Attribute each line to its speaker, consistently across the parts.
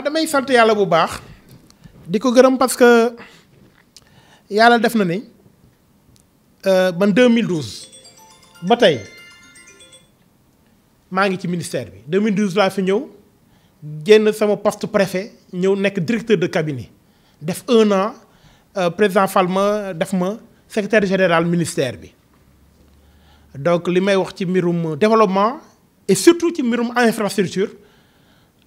Speaker 1: Je damay sant yàlla bu baax di parce que en def na ni 2012 euh, ba tey ministère bi 2012 laa fi ñëw poste préfet directeur de cabinet def un an euh, président Falma secrétaire général ministère bi donc li may wax ci développement et surtout ci mbirum infrastructure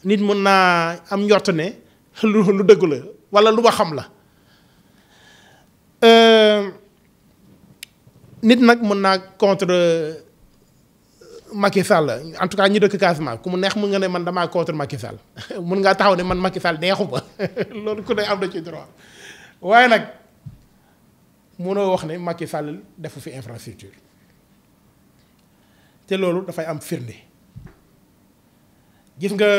Speaker 1: nit mën naa am njort ne lu lu dëgg la wala lu ba xam la euh, nit nag mën naa contre Macky Sall en tout cas ñi dëkk Casamance ku mu neex mu nga ne man damaa contre Macky Sall mën ngaa taxaw ne man Macky Sall neexu ma loolu ku ne am na ci droit waaye nag mënoo wax ne Macky Sall defu fi infrastructure te loolu dafay am firnde gis nga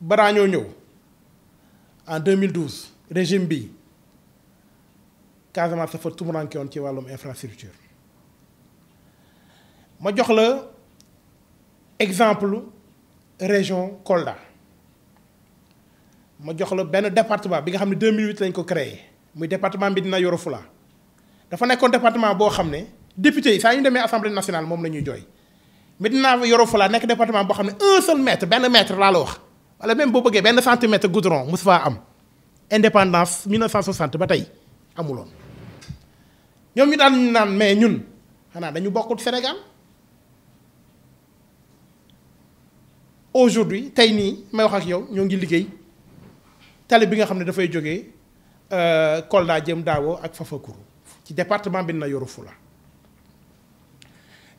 Speaker 1: balaa en 2012 régime B. bi Casamance dafa tumuranke woon ci wàllum infrastructure ma jox la exemple région Kolda ma jox la le département bi nga xam 2008 lañ ko créé muy département bi dina Yoro Fula dafa un département boo xam député yi saa ñu demee assemblée nationale moom la ñuy jooy Medina Yoro Fula nekk département boo xam un seul mètre un mètre là la wala même bëggee benn centimètre goudron am indépendance 1960 ba tey amuloon ñoom ñu daan naan mais ñun xanaa dañu de Sénégal aujourd'hui tey nii may wax ak yow ñoo ngi liggéey tali bi nga xam euh, Kolda ak ci département bi na yoru Fula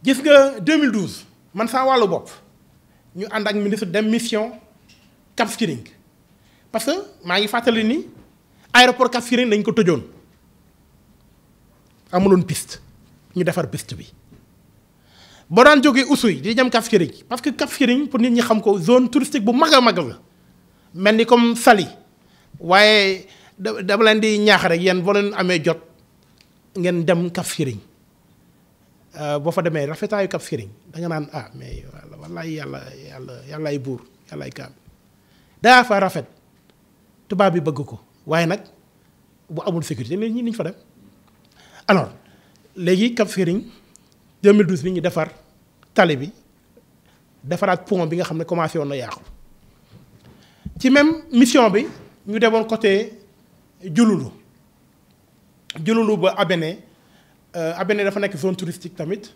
Speaker 1: 2012 man sa wàllu ministre de mission Cap Skirring parce que ma ngi fatali ni aéroport Cap dañ ko piste ñu défar piste bi bo daan usui usuy di jëm Cap Skirring parce que turistik pour nit ñi xam ko zone touristique bu maga maga mag la comme Saly waaye dama leen di ñaax rek yeen bo leen amé jot ngeen dem Cap euh bo fa démé rafetaayu Cap da nga naan ah mais yalla yalla ay bour yalla ay kaam daa fa rafet tubaab bi bëgg ko waaye nag bu amul sécurité mais ñi niñ fa dem alors léegi Cap Skirring 2012 bi ñu defar tali bi defaraat pont bi nga xam ne commencé woon na yàqu ci même mission bi ñu demoon côté Diouloulou Diouloulou ba Abéné euh, Abéné dafa nekk zone touristique tamit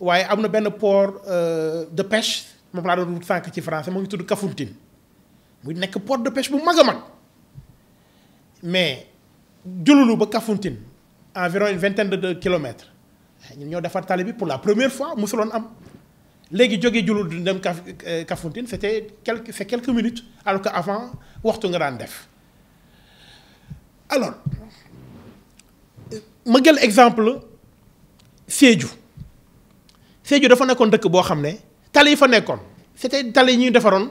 Speaker 1: waaye am na benn port euh, de pêche moom laa doon sànq ci français moo ngi tudd Kafountine muy nekk port de pêche bu mag a mag mais jululu ba Kafountine environ une vingtaine de kilomètres ñun ñoo defar tali bi pour la première fois musuloon am léegi jógee Diouloulou dem Kaf euh, Kafountine c' était quelques c' est quelques minutes alors que avant waxtu nga daan def alors ma jël exemple Sédhiou Sédhiou dafa nekkoon dëkk boo xam ne tali yi fa nekkoon c' était tali yi ñuy defaroon.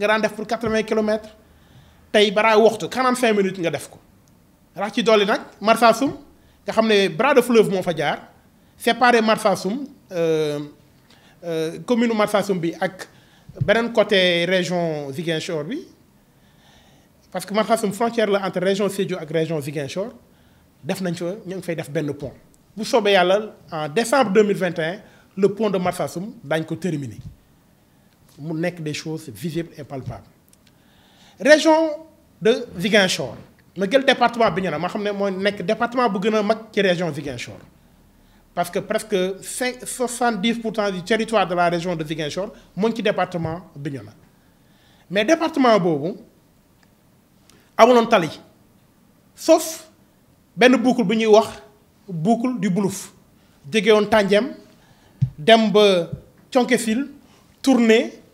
Speaker 1: nga def pour 80 km. kilomètres bara waxtu 45 minutes nga def ko Ra ci doli nak Marsassoum nga xamné bras de fleuve mo fa jaar séparé euh, euh commune Marsassoum bi ak benen côté région Ziguinchor bi parce que Marsassoum frontière la entre région Sédio ak région Ziguinchor def nañ fa ñu ngi fay def benn pont bu soobee yalla en décembre 2021 le pont de Marsassoum dañ ko terminé mu des choses visibles et palpables région de Ziguinchor ma quel département bi ñu ne ma xam sais mooy département bu gën a mag ci région Ziguinchor parce que presque 70% du territoire de la région de Ziguinchor est ngi ci département de ñu na mais département boobu amuloon tali sauf une boucle bu ñuy wax boucle du Boulouf jógewoon Tànjem dem ba Thionckefile tourner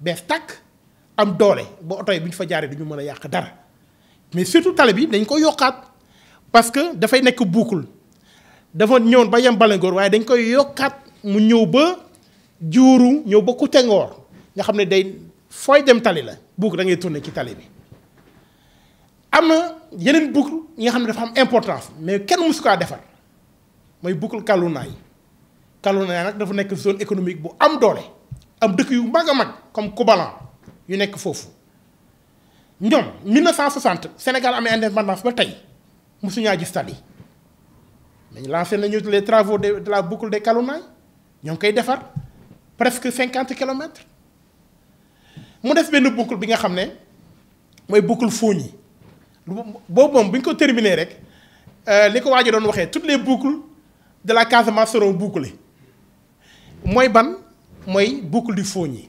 Speaker 1: bees am doole ba oto yi bu fa jaaree duñu ñu mën a yàq dara mais surtout tale bi dañ ko yokkaat parce que dafay nekk buukul dafa ñëwoon ba yem Balengoor waaye dañ koy yokkaat mu ñëw ba juuru ñëw ba Koutengoor nga xam ne day fooy dem tali la boucle da ngay tourner ci tali bi am na yeneen boucle yi nga xam ne dafa am importance mais kenn mësu kaa defar mooy boucle Kalounayes Kalounayes nag dafa nekk zone économique bu am doole am dëkk yu mag a mag comme Koubalan yu nekk foofu En 1960 Sénégal amee indépendance ba tey mosuñaa gis tali dañu lancé les travaux de la boucle des Calounaay Ils ngi koy defar presque 50 kilomètres mu def benn boucle bi nga xam ne boucle Fogny boobu moom bu terminé rek euh, li ko waajo doon toutes les boucles de la Casamance seront bouclées mooy ban mooy boucle du Fogny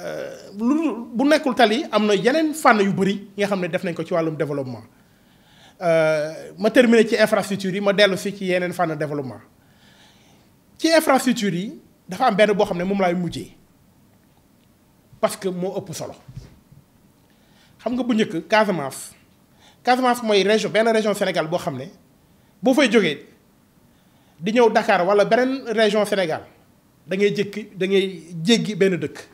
Speaker 1: Euh, lu bu nekkul tali am na yeneen fànn yu bëri nga xam ne def nañ ko ci wàllum développement euh, ma terminer ci infrastructure yi ma dellu si ci yeneen fànn développement ci infrastructure yi dafa am benn boo xam ne moom laay mujjee parce que moo ëpp solo xam nga bu njëkk Casamance Casamance mooy région benn région Sénégal boo xam ne boo fay jógee di ñëw Dakar wala beneen région Sénégal da ngay jékki da ngay jéggi benn dëkk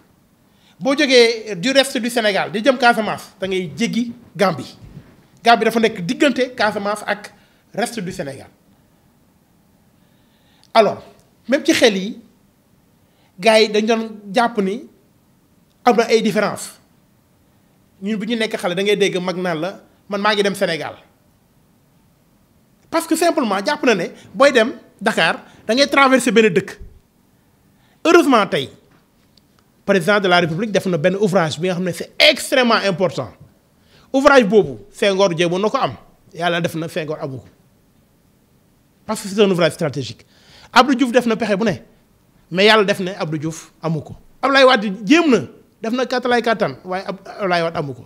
Speaker 1: vous jógee du reste du Sénégal di à Casamance da ngay jéggi Gambie Gambie dafa nekk de Casamance ak reste du Sénégal alors même ci xel yi gars gens dañ doon jàpp ni am na ay différence ñun bu ñu nekk vous da ngay dégg mag la man Sénégal parce que simplement jàpp na ne booy dem Dakar da ngay traverser benn dëkk heureusement aujourd'hui, président de la république def na benn ouvrage bi nga xam c'est extrêmement important ouvrage boobu Senghor jéemoon na ko am yalla def na Senghor amu parce que c'est un ouvrage stratégique Abdou Diouf def na pexe bu ne mais yalla def na Abdou Diouf amuko ablay wad Wade jéem na def na kàttalaay kàttan waaye Ablaye Wade amu ko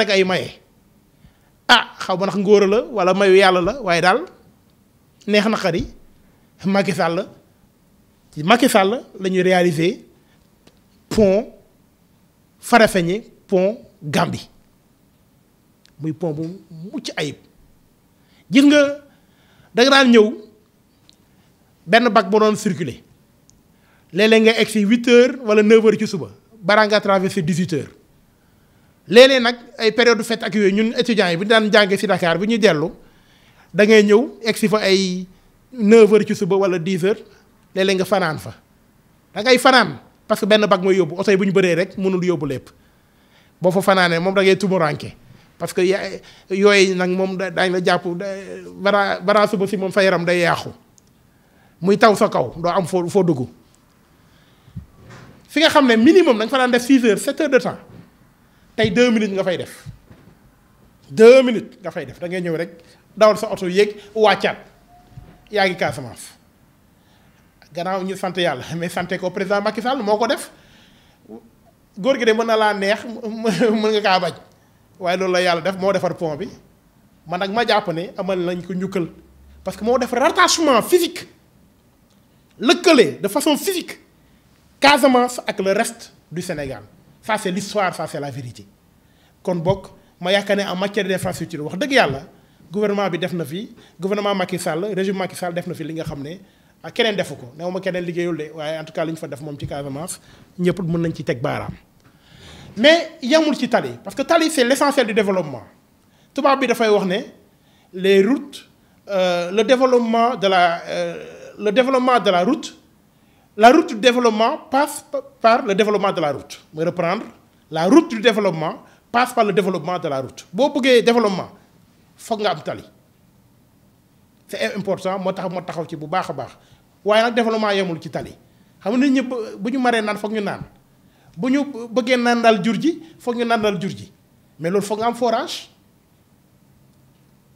Speaker 1: rek ay maye ah xaw ma ndax ngóora la wala mayu yalla la way dal neex na xari Macky Sall ci Macky Sall lañu réaliser pon Farafeñe pon Gambie muy pont bu mucc ayib gis nga danga daan ñëw benn bac ba doon circuler léeg-léeg nga egg si huit heures wala neuf heures ci suba bara nga traversé dix-huit heures léeg nag ay période fête ak yooyu ñun étudiants yi bu ñu daan jàngee si Dakar bi ñuy dellu da ngay ñëw egg si fa ay neuf heures ci suba wala dix heures léeg nga fanaan fa da ngay fanaan parce que benn bag mooy yóbbu oto yi bu ñu bëree rek mënul yóbbu lépp boo fa fanaanee moom da ngay tumuranke parce que ya yooyu nag moom daañ la jàpp bara bara suba si moom sa yaram day yàqu muy taw sa kaw doo am foo foo dugg fi nga xam ne minimum da nga fa daan def 6 heures 7 heures de temps tey 2 minutes nga fay def 2 minutes nga fay def da ngay ñëw rek dawal sa oto yéeg wàccaat yaa ngi Casamance gannaaw ñu sant yàlla mais sante ko président Macky Sall moo ko def góor gi de mën na laa neex mën nga kaa bañ waaye loolu la yàlla def moo defar pont bi man nag ma jàpp ne amal nañ ko njukkal parce que moo def rattachement physique lëkkale de façon physique Casamance ak le reste du Sénégal ça c'est l'histoire ça c'est la vérité kon bokk ma yaakaar ne en matière d'infrastructure wax dëgg yàlla gouvernement bi def na fi gouvernement Macky Sall régime Macky Sall def na fi li nga xam ne ah keneen defuko ko keneen liggéeyul de waaye en tout cas li fa def moom ci Casamance ñëpp mën nañ ci teg baaraam mais yamul ci tali parce que tali c'est l'essentiel du développement tubaab bi dafay wax ne les routes euh, le développement de la euh, le développement de la route la route du développement passe par le développement de la route mooy reprendre la route du développement passe par le développement de la route boo bëggee développement foog nga am tali c'est important moo tax moo taxaw ci bu baax a baax waaye nag développement yemul ci tali xam nga nit ñëpp bu ñu maree naan foog ñu naan bu ñu bëggee naan daal jur ji foog ñu naan daal jur ji mais loolu foog nga am forage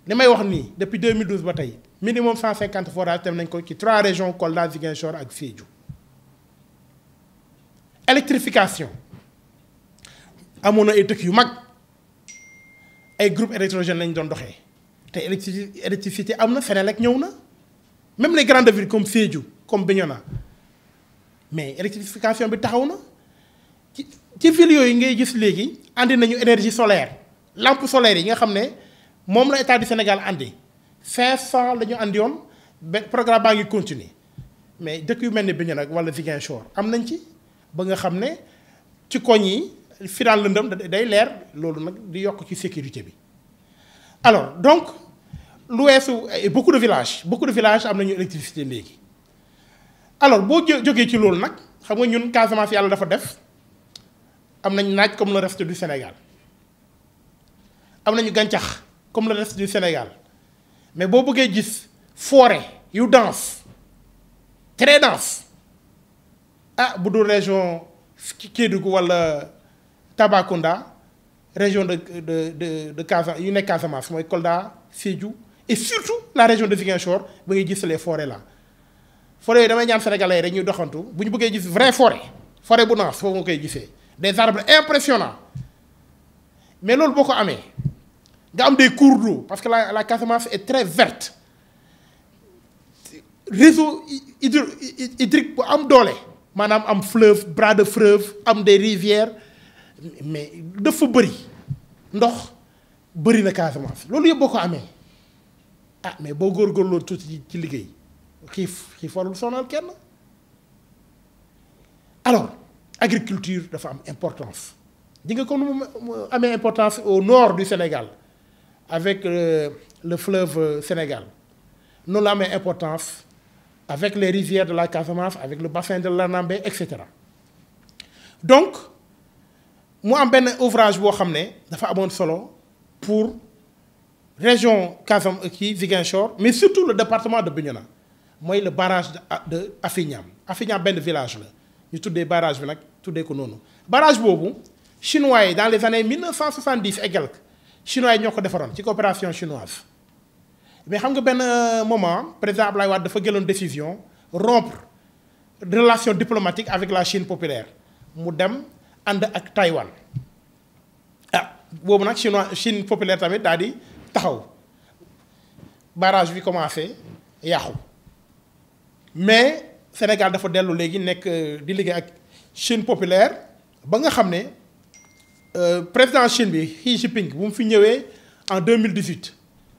Speaker 1: li may wax nii depuis 2012 ba tey minimum 150 forage dem nañ ko ci 3 régions Kolda Ziguinchor ak Sédhiou électrification amoon na ay dëkk yu mag ay groupe électrogène lañ doon doxee. L'électricité, électricité am na même les grandes villes comme Sédhiou comme Bignona mais électrification bi taxaw na ci ville villes gis ont andi nañu énergie solaire lampe solaire yi nga ne état du Sénégal andi 500 lañu andi programme mais dëkk yu melni Bignona wala vous am nañ ci ba nga ci fi day sécurité alors donc lu et eh, beaucoup de villages beaucoup de villages am nañu électricité alors boo jógee ci loolu nag xam nga ñun Casamance yàlla dafa def am nañ naaj comme le reste du Sénégal am nañu gàncax comme le reste du Sénégal mais boo bëggee gis forêt yu dense très dense ah bu dul région Kédougou wala Tambacounda région de de de de Casamance yu Casamance Kolda et surtout la région de Ziguinchor vous voyez juste les forêts là forêt yooyu damay ñaan sénégalais yi rek ñuy doxantu bu ñu vraie forêt forêt bu naas foofu nga koy des arbres impressionnants mais loolu beaucoup ko Il nga am des cours d'eau parce que la la Casamance est très verte réseau hydro hydrique bu am a des am fleuve bras de fleuve am des rivières mais dafa bëri ndox de na Casamance lolou yëpp boo beaucoup ah mais si góorgóorloo tout ci liguey xif xiif warul sonal kenn alors agriculture dafa am importance di nga une importance au nord du Sénégal avec euh, le, fleuve euh, Sénégal nous la une importance avec les rivières de la Casamance avec le bassin de l'Anambé etc donc mu am un ouvrage bo xamné dafa amone solo pour région kazan eki Ziguinchor mais surtout le département de Bignona moy le barrage de Afignam Afignam ben village la ñu tuddé barrage bi nag tuddee ko noonu barrage bobu chinois dans les années 1970 et quelques chinois yi fait, une ci coopération chinoise mais xam nga moment, euh, moment président Ablaye Wade dafa gëlon décision rompre relations diplomatiques avec la Chine populaire mu dem avec ak Taiwan. ah bobu nak chinois Chine populaire tamit dit que taxaw barrage bi commencé Yahou. mais Sénégal dafa dellu léegi nek euh, di ligue ak Chine populaire ba nga xam ne euh, président Chine bi Xi Jinping bu mu fi en 2018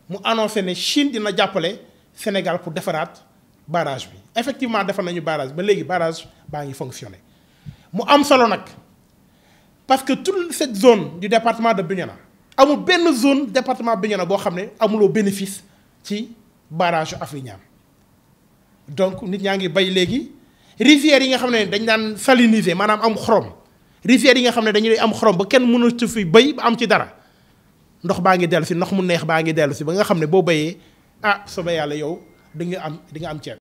Speaker 1: mu annoncé né Chine dina le Sénégal pour le barrage bi effectivement défendu nañu barrage Mais le barrage va fonctionner. fonctionné mu am solo parce que toute cette zone du département de Bignona amul ben zone département Bignona bo xam ne amuloo bénéfice ci barrage Afrique donc nit ñaa ngi bay léegi rivières yi nga xam dañ daan saliniser maanaam am xorom rivière yi nga xam dañuy am xorom ba kenn ci fi bay ba am ci dara ndox ba nga dellu ci ndox mu neex ba nga dellu ci ba nga xam bo boo ah soobee yalla yow di nga am di nga am ci